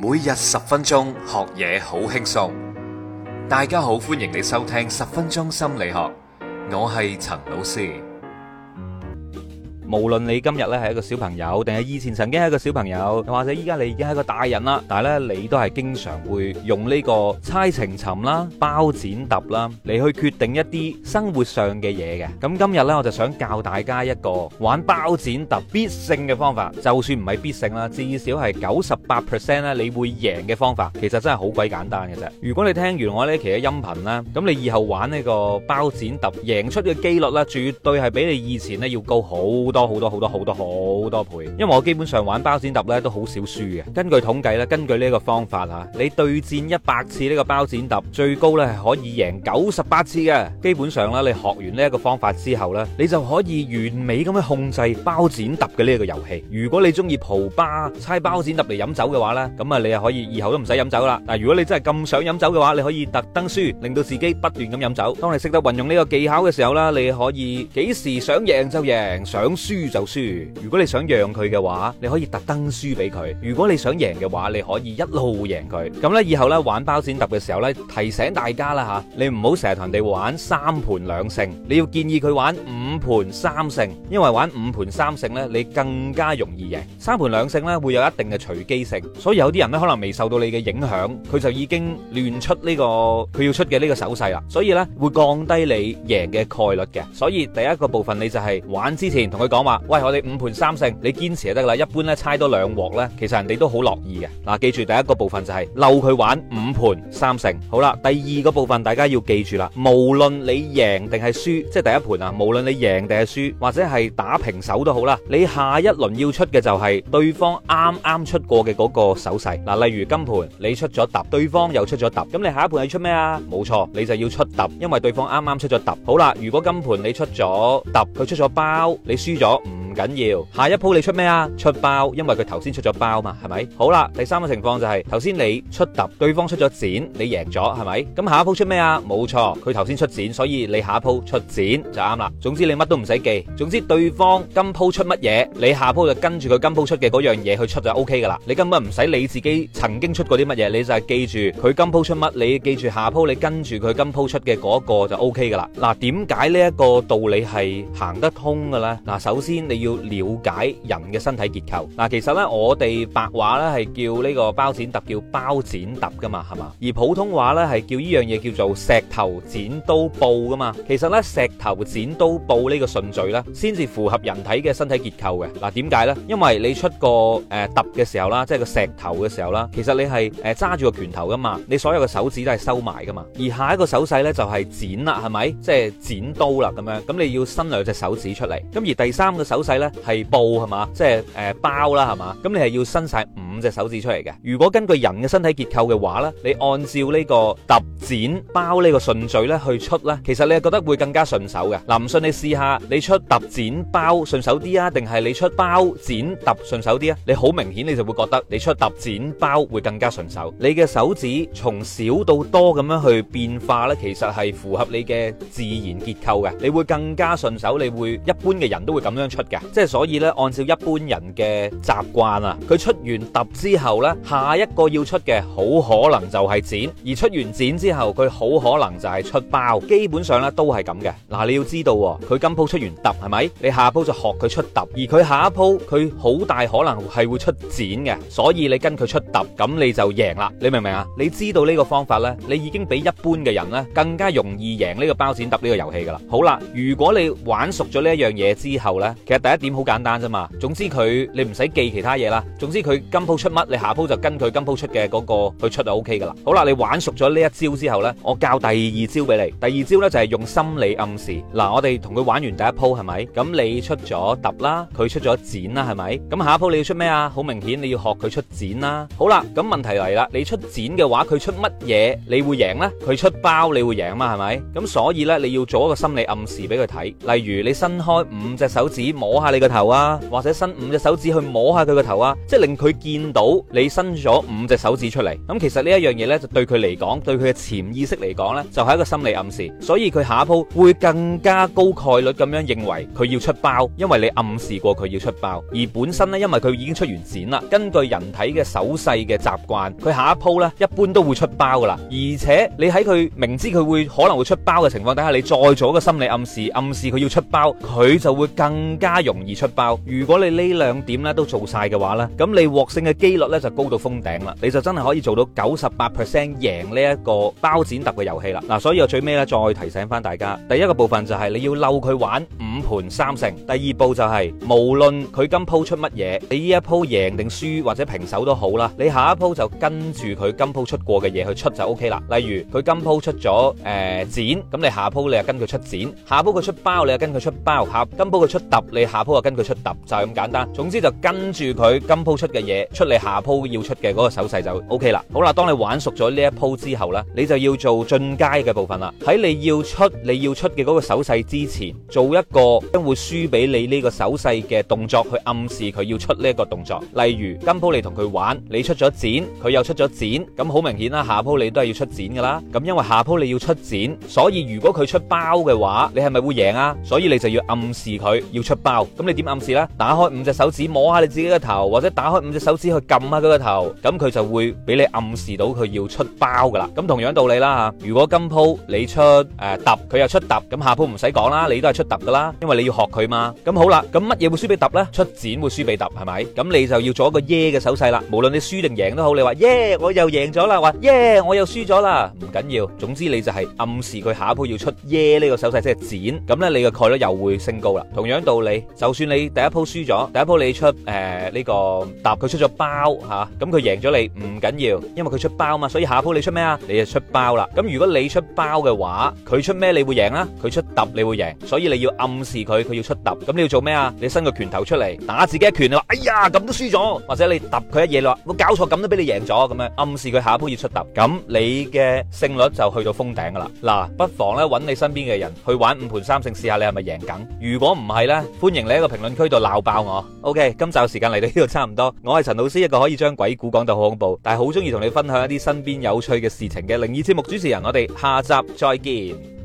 每日十分鐘學嘢好輕鬆，大家好，歡迎你收聽十分鐘心理學，我係陳老師。無論你今日咧係一個小朋友，定係以前曾經係一個小朋友，又或者依家你已經係一個大人啦，但係咧你都係經常會用呢個猜情尋啦、包剪揼啦嚟去決定一啲生活上嘅嘢嘅。咁今日呢，我就想教大家一個玩包剪揼必勝嘅方法，就算唔係必勝啦，至少係九十八 percent 咧你會贏嘅方法，其實真係好鬼簡單嘅啫。如果你聽完我呢期嘅音頻啦，咁你以後玩呢個包剪揼贏出嘅機率啦，絕對係比你以前呢要高好多。多好多好多好多好多倍，因為我基本上玩包剪揼咧都好少輸嘅。根據統計咧，根據呢個方法吓，你對戰一百次呢個包剪揼，最高咧可以贏九十八次嘅。基本上咧，你學完呢一個方法之後咧，你就可以完美咁樣控制包剪揼嘅呢一個遊戲。如果你中意蒲吧猜包剪揼嚟飲酒嘅話咧，咁啊你又可以以後都唔使飲酒啦。但如果你真係咁想飲酒嘅話，你可以特登輸，令到自己不斷咁飲酒。當你識得運用呢個技巧嘅時候呢，你可以幾時想贏就贏，想。輸就輸，如果你想讓佢嘅話，你可以特登輸俾佢；如果你想贏嘅話，你可以一路贏佢。咁呢，以後呢，玩包剪揼嘅時候呢，提醒大家啦吓，你唔好成日同人哋玩三盤兩勝，你要建議佢玩五。五盤三勝，因為玩五盤三勝咧，你更加容易贏。三盤兩勝咧會有一定嘅隨機性，所以有啲人咧可能未受到你嘅影響，佢就已經亂出呢、呢個佢要出嘅呢個手勢啦，所以咧會降低你贏嘅概率嘅。所以第一個部分你就係、係、玩之前同佢講話，喂，我哋五盤三勝，你堅持就得啦。一般咧猜多兩鑊咧，其實人哋都好樂意嘅。嗱、啊，記住第一個部分就係溜佢玩五盤三勝。好啦，第二個部分大家要記住啦，無論你贏定係輸，即係第一盤啊，無論你贏。贏定係輸，或者係打平手都好啦。你下一輪要出嘅就係對方啱啱出過嘅嗰個手勢。嗱，例如金盤你出咗揼，對方又出咗揼，咁你下一盤要出咩啊？冇錯，你就要出揼，因為對方啱啱出咗揼。好啦，如果金盤你出咗揼，佢出咗包，你輸咗唔緊要。下一鋪你出咩啊？出包，因為佢頭先出咗包嘛，係咪？好啦，第三個情況就係頭先你出揼，對方出咗剪，你贏咗，係咪？咁下一鋪出咩啊？冇錯，佢頭先出剪，所以你下一鋪出剪就啱啦。總之你。乜都唔使記，總之對方今鋪出乜嘢，你下鋪就跟住佢今鋪出嘅嗰樣嘢去出就 OK 噶啦。你根本唔使理你自己曾經出過啲乜嘢，你就係記住佢今鋪出乜，你記住下鋪你跟住佢今鋪出嘅嗰一個就 OK 噶啦。嗱，點解呢一個道理係行得通嘅咧？嗱，首先你要了解人嘅身體結構。嗱，其實咧我哋白話咧係叫呢個包剪揼叫包剪揼噶嘛，係嘛？而普通話咧係叫呢樣嘢叫做石頭剪刀布噶嘛。其實咧，石頭剪刀布呢個順序咧，先至符合人體嘅身體結構嘅。嗱、啊，點解呢？因為你出個誒揼嘅時候啦，即係個石頭嘅時候啦，其實你係誒揸住個拳頭噶嘛，你所有嘅手指都係收埋噶嘛。而下一個手勢呢，就係、是、剪啦，係咪？即係剪刀啦，咁樣。咁你要伸兩隻手指出嚟。咁而第三個手勢呢，係布，係嘛，即係誒、呃、包啦係嘛。咁你係要伸晒五隻手指出嚟嘅。如果根據人嘅身體結構嘅話呢，你按照呢、這個揼、剪、包呢個順序呢去出咧，其實你係覺得會更加順手嘅。嗱、啊，唔信你試下。你出揼剪包順手啲啊，定係你出包剪揼順手啲啊？你好明顯，你就會覺得你出揼剪包會更加順手。你嘅手指從少到多咁樣去變化咧，其實係符合你嘅自然結構嘅，你會更加順手。你會一般嘅人都會咁樣出嘅，即係所以咧，按照一般人嘅習慣啊，佢出完揼之後咧，下一個要出嘅好可能就係剪，而出完剪之後，佢好可能就係出包，基本上咧都係咁嘅。嗱，你要知道佢、啊、今。今鋪出完揼係咪？你下鋪就學佢出揼，而佢下一鋪佢好大可能係會出剪嘅，所以你跟佢出揼，咁你就贏啦。你明唔明啊？你知道呢個方法呢，你已經比一般嘅人呢更加容易贏呢個包剪揼呢個遊戲噶啦。好啦，如果你玩熟咗呢一樣嘢之後呢，其實第一點好簡單啫嘛。總之佢你唔使記其他嘢啦。總之佢今鋪出乜，你下鋪就跟佢今鋪出嘅嗰個去出就 OK 噶啦。好啦，你玩熟咗呢一招之後呢，我教第二招俾你。第二招呢就係用心理暗示嗱，我哋同佢。玩完第一鋪係咪？咁你出咗揼啦，佢出咗剪啦，係咪？咁下一鋪你要出咩啊？好明顯你要學佢出剪啦。好啦，咁問題嚟啦，你出剪嘅話，佢出乜嘢，你會贏呢？佢出包，你會贏嘛？係咪？咁所以呢，你要做一個心理暗示俾佢睇，例如你伸開五隻手指摸下你個頭啊，或者伸五隻手指去摸下佢個頭啊，即係令佢見到你伸咗五隻手指出嚟。咁其實呢一樣嘢呢，就對佢嚟講，對佢嘅潛意識嚟講呢，就係一個心理暗示。所以佢下一鋪會更加高概。佢咁樣認為佢要出包，因為你暗示過佢要出包，而本身咧，因為佢已經出完剪啦。根據人體嘅手勢嘅習慣，佢下一鋪咧，一般都會出包噶啦。而且你喺佢明知佢會可能會出包嘅情況底下，你再做一個心理暗示，暗示佢要出包，佢就會更加容易出包。如果你呢兩點咧都做晒嘅話咧，咁你獲勝嘅幾率咧，就高到封頂啦，你就真係可以做到九十八 percent 贏呢一個包剪揼嘅遊戲啦。嗱，所以我最尾咧再提醒翻大家，第一個部分就係你要嬲佢。去玩五盤三勝。第二步就係、是、無論佢今鋪出乜嘢，你呢一鋪贏定輸或者平手都好啦。你下一鋪就跟住佢今鋪出過嘅嘢去出就 OK 啦。例如佢今鋪出咗誒、呃、剪，咁你下鋪你就跟佢出剪。下鋪佢出包，你就跟佢出包。下今鋪佢出揼，你下鋪就跟佢出揼，就係咁簡單。總之就跟住佢今鋪出嘅嘢出，你下鋪要出嘅嗰個手勢就 OK 啦。好啦，當你玩熟咗呢一鋪之後呢你就要做進階嘅部分啦。喺你要出你要出嘅嗰個手勢之前。做一個將會輸俾你呢個手勢嘅動作，去暗示佢要出呢一個動作。例如今鋪你同佢玩，你出咗剪，佢又出咗剪，咁好明顯啦。下鋪你都係要出剪噶啦。咁因為下鋪你要出剪，所以如果佢出包嘅話，你係咪會贏啊？所以你就要暗示佢要出包。咁你點暗示呢？打開五隻手指摸下你自己嘅頭，或者打開五隻手指去撳下佢個頭，咁佢就會俾你暗示到佢要出包噶啦。咁同樣道理啦嚇。如果今鋪你出誒揼，佢又出揼，咁下鋪唔使講啦，你都。出揼噶啦，因為你要學佢嘛。咁好啦，咁乜嘢會輸俾揼咧？出剪會輸俾揼係咪？咁你就要做一個耶嘅手勢啦。無論你輸定贏都好，你話耶我又贏咗啦，話耶我又輸咗啦，唔緊要。總之你就係暗示佢下一鋪要出耶呢個手勢即係剪。咁咧你嘅概率又會升高啦。同樣道理，就算你第一鋪輸咗，第一鋪你出誒呢個揼，佢出咗包吓，咁佢贏咗你唔緊要，因為佢出包嘛，所以下一鋪你出咩啊？你就出包啦。咁如果你出包嘅話，佢出咩你會贏啦？佢出揼你會贏。所以你要暗示佢，佢要出揼，咁你要做咩啊？你伸個拳頭出嚟打自己一拳，你話哎呀咁都輸咗，或者你揼佢一嘢落，我搞錯咁都俾你贏咗咁樣，暗示佢下一鋪要出揼，咁你嘅勝率就去到封頂噶啦。嗱，不妨咧揾你身邊嘅人去玩五盤三勝試下，你係咪贏緊？如果唔係咧，歡迎你喺個評論區度鬧爆我。OK，今集時間嚟到呢度差唔多，我係陳老師一個可以將鬼故講到好恐怖，但係好中意同你分享一啲身邊有趣嘅事情嘅靈異節目主持人，我哋下集再見。